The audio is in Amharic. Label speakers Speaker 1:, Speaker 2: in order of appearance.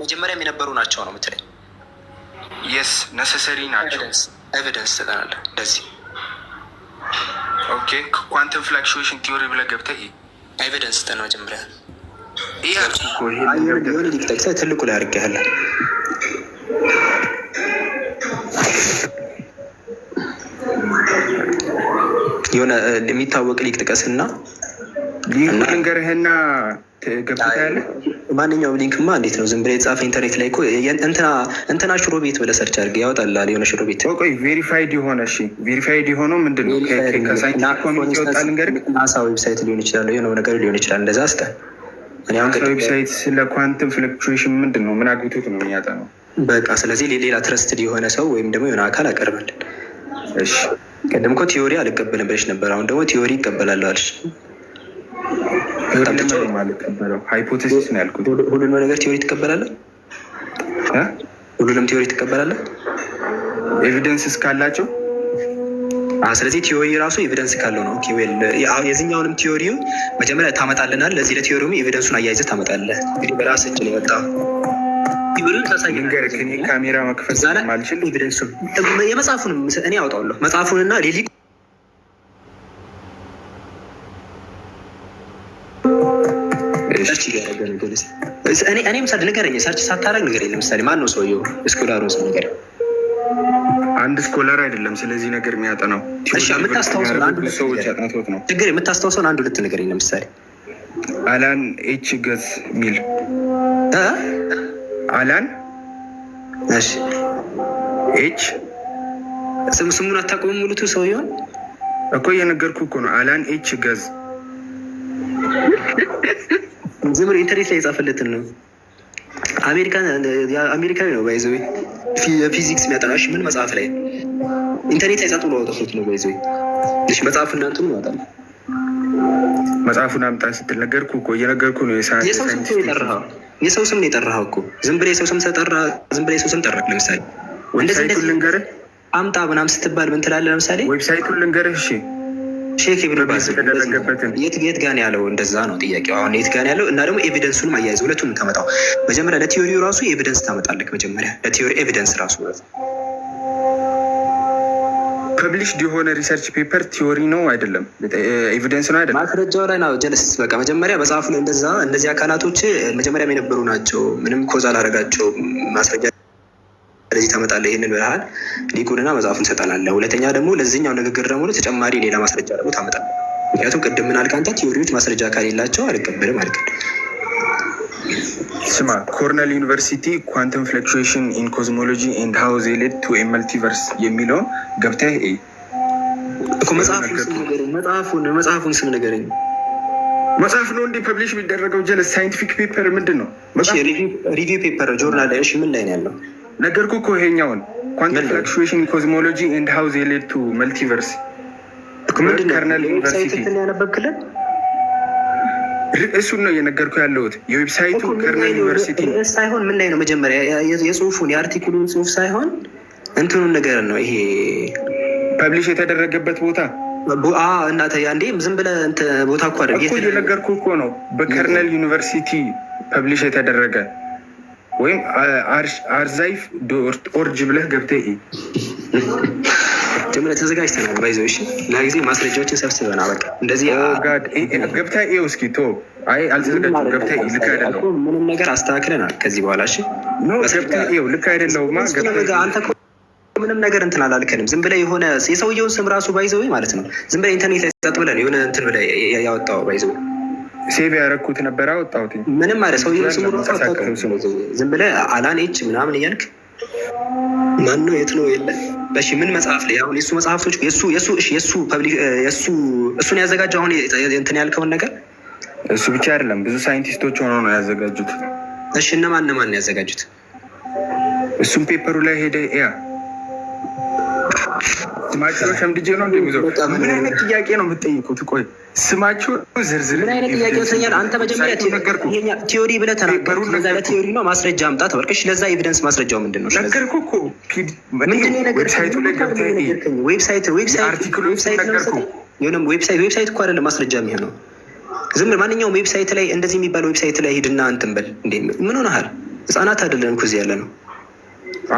Speaker 1: መጀመሪያም የነበሩ ናቸው ነው የምትለኝ? የስ ነሰሰሪ ናቸው።
Speaker 2: ኤቪደንስ ትጠናለህ እንደዚህ።
Speaker 1: ኦኬ ኳንተም ፍላክቹዌሽን ቲዮሪ ብለህ ገብተህ
Speaker 2: ኤቪደንስ ጠና መጀመሪያ ጠቅሰህ ትልቁ ላይ አድርጌያለሁ። የሆነ የሚታወቅ ሊቅ ጥቀስና
Speaker 1: ሊንክ ልንገርህና ገብታለ
Speaker 2: ማንኛውም ሊንክማ እንዴት ነው? ዝም ብለህ የተጻፈ ኢንተርኔት ላይ እንትና ሽሮ ቤት ብለህ ሰርች አድርገህ ያወጣልሃል። የሆነ ሽሮ ቤት
Speaker 1: ቆይ፣ ቬሪፋይድ የሆነ እሺ፣ ቬሪፋይድ የሆነው ምንድን ነው? ከሳይንቲፊክ
Speaker 2: ኮሚቴ ናሳ ዌብሳይት ሊሆን ይችላል፣ የሆነው ነገር ሊሆን ይችላል። እንደዛ ስተ
Speaker 1: ዌብሳይት ስለ ኳንትም ፍለክቹዌሽን ምንድን ነው? ምን አግኝቶት ነው የሚያጠ ነው?
Speaker 2: በቃ ስለዚህ ሌላ ትረስትድ የሆነ ሰው ወይም ደግሞ የሆነ አካል አቀርባለን። እሺ ቅድም እኮ ቲዮሪ አልቀበልም ብለሽ ነበር። አሁን ደግሞ ቲዮሪ ይቀበላለሁ አለሽ።
Speaker 1: ሃይፖቴሲስ ነው ያልኩት።
Speaker 2: ሁሉንም ነገር ቲዮሪ ትቀበላለህ? ሁሉንም ቲዮሪ ትቀበላለህ?
Speaker 1: ኤቪደንስ እስካላቸው
Speaker 2: ስለዚህ ቲዮሪ ራሱ ኤቪደንስ ካለው ነው። የዚኛውንም ቲዮሪም መጀመሪያ ታመጣልናል። ለዚህ ለቲዮሪውም ኤቪደንሱን አያይዘህ ታመጣለህ። እንግዲህ በራስህ እጅ ነው የመጣው።
Speaker 1: ካሜራ መክፈት
Speaker 2: ማልችል ኤቪደንሱን የመጽሐፉንም እኔ ያወጣዋለሁ መጽሐፉንና ሌሊ እኔ ምሳሌ ንገረኝ። ሰርች ሳታረግ ንገረኝ። ለምሳሌ ማን ነው ሰውየው? ስኮላር ነው ሰው ነገር
Speaker 1: አንድ ስኮላር አይደለም። ስለዚህ ነገር የሚያጠናው
Speaker 2: ችግር የምታስታውሰውን አንድ ሁለት ንገረኝ። ለምሳሌ
Speaker 1: አላን ኤች ገዝ ሚል አላን ኤች
Speaker 2: ስሙን አታውቀውም። ሙሉቱ ሰውየውን
Speaker 1: እኮ እየነገርኩህ እኮ ነው። አላን ኤች ገዝ
Speaker 2: ዝምር ኢንተርኔት ላይ የጻፈለትን ነው። አሜሪካዊ ነው ባይዘ ፊዚክስ የሚያጠናሽ ምን መጽሐፍ ላይ ኢንተርኔት ላይ ጻጡ ነው አውጥቶት ነው ባይዘ ሽ መጽሐፍ እናንቱ ነው ያወጣል።
Speaker 1: መጽሐፉን አምጣ ስትል ነገርኩ እኮ እየነገርኩ ነው።
Speaker 2: የሰው ስም ነው የጠራኸው እኮ ዝም ብለህ የሰው ስም ተጠራ፣ ዝም ብለህ የሰው ስም ጠራ። ለምሳሌ
Speaker 1: ወንደዚህ ልንገርህ
Speaker 2: አምጣ ምናምን ስትባል ምን ትላለህ? ለምሳሌ
Speaker 1: ዌብሳይቱን ልንገርህ እሺ
Speaker 2: ሼክ ኢብኑ ባዝ የት ጋን ያለው እንደዛ ነው ጥያቄው። አሁን የት ጋን ያለው እና ደግሞ ኤቪደንሱን አያይዘ ሁለቱም ታመጣው መጀመሪያ ለቲዮሪው ራሱ ኤቪደንስ ታመጣለክ። መጀመሪያ ለቲዮሪ ኤቪደንስ ራሱ
Speaker 1: ፐብሊሽድ የሆነ ሪሰርች ፔፐር ቲዮሪ ነው አይደለም፣ ኤቪደንስ ነው አይደለም፣
Speaker 2: ማስረጃው ላይ ነው። ጀነሲስ በቃ መጀመሪያ መጽሐፉ ላይ እንደዛ እነዚህ አካላቶች መጀመሪያም የነበሩ ናቸው። ምንም ኮዝ አላረጋቸው ማስረጃ ስለዚህ ተመጣለህ ይህንን ብልሃል ሊቁንና መጽሐፉን ሰጣላለህ። ሁለተኛ ደግሞ ለዚህኛው ንግግር ደግሞ ተጨማሪ ሌላ ማስረጃ ደግሞ ታመጣለህ። ምክንያቱም ቅድም ምን አልክ አንተ ቲዎሪዎች ማስረጃ ከሌላቸው አልቀበልም አልክ።
Speaker 1: ስማ ኮርነል ዩኒቨርሲቲ ኳንተም ፍለክቹዌሽን ኢን ኮስሞሎጂ ኤንድ ሃው ዜ ሌድ ቱ ኤ መልቲቨርስ የሚለውን ገብተህ
Speaker 2: መጽሐፉን ስም ነገረኝ።
Speaker 1: መጽሐፍ ነው እንዴ ፐብሊሽ የሚደረገው? ጀለስ ሳይንቲፊክ ፔፐር ምንድን ነው?
Speaker 2: ሪቪው ፔፐር ጆርናል። እሺ ምን ላይ ነው ያለው?
Speaker 1: ነገርኩ እኮ ይሄኛውን ኳንተም ፍላክቹዌሽን ኮዝሞሎጂ ኤንድ ሀው ዜ ሌድ ቱ መልቲቨርስ ከርነል ዩኒቨርሲቲ እሱን ነው እየነገርኩ ያለሁት። የዌብሳይቱ ከርነል ዩኒቨርሲቲ
Speaker 2: ሳይሆን ምን ላይ ነው መጀመሪያ የጽሁፉን የአርቲክሉን ጽሁፍ ሳይሆን እንትኑን ነገር ነው ይሄ
Speaker 1: ፐብሊሽ የተደረገበት ቦታ
Speaker 2: እናተ አንዴ ዝም ብለ ቦታ እኮ
Speaker 1: እየነገርኩ እኮ ነው። በከርነል ዩኒቨርሲቲ ፐብሊሽ የተደረገ ወይም አርዛይፍ ኦርጅ ብለህ ገብተህ
Speaker 2: ጀምረ ተዘጋጅተናል። ባይዘሽ ለጊዜ ማስረጃዎችን ሰብስበና በቃ
Speaker 1: እንደዚህ ገብታ ይ እስኪ ቶ አይ አልተዘጋጅም። ገብታ ልክ አይደለው
Speaker 2: ምንም ነገር አስተካክለናል። ከዚህ በኋላ እሺ
Speaker 1: ልክ አይደለውማ
Speaker 2: አንተ ምንም ነገር እንትን አላልከንም። ዝም ብለህ የሆነ የሰውየውን ስም ራሱ ባይዘው ማለት ነው። ዝም ብለህ ኢንተርኔት ላይ ጸጥ ብለን የሆነ እንትን ብለህ ያወጣው ባይዘ
Speaker 1: ሴቭ ያደረግኩት ነበረ አወጣሁት።
Speaker 2: ምንም አለ ሰው ዝም ብለህ አላኔች ምናምን እያልክ ማን ነው የት ነው የለ። በሺ ምን መጽሐፍ ላይ አሁን የሱ መጽሐፍቶች የሱ እሱን ያዘጋጀው አሁን እንትን ያልከውን ነገር
Speaker 1: እሱ ብቻ አይደለም ብዙ ሳይንቲስቶች ሆነው ነው ያዘጋጁት።
Speaker 2: እሺ እነማን እነማን ነው ያዘጋጁት?
Speaker 1: እሱም ፔፐሩ ላይ ሄደ ያ ስማቸው ሸምድጄ ነው እንደሚዞር ምን አይነት ጥያቄ ነው የምትጠይቁት? ቆይ ስማቸው
Speaker 2: ዝርዝር ምን አይነት ጥያቄ ይወሰኛል? አንተ መጀመሪያ ቲዮሪ ብለህ ተናገር። ከዛ ለቲዮሪ ነው ማስረጃ አምጣ ተባልክ። እሺ ለዛ ኤቪደንስ ማስረጃው ምንድን ነው? ነገርኩህ እኮ ዌብሳይቱ ላይ ዌብሳይት ዌብሳይት እኮ አይደለም ማስረጃ የሚሆነው ዝም ብለህ ማንኛውም ዌብሳይት ላይ እንደዚህ የሚባል ዌብሳይት ላይ ሂድና እንትን በል። እንዴ ምን ሆነሃል? ህጻናት አይደለን እኮ እዚህ ያለ ነው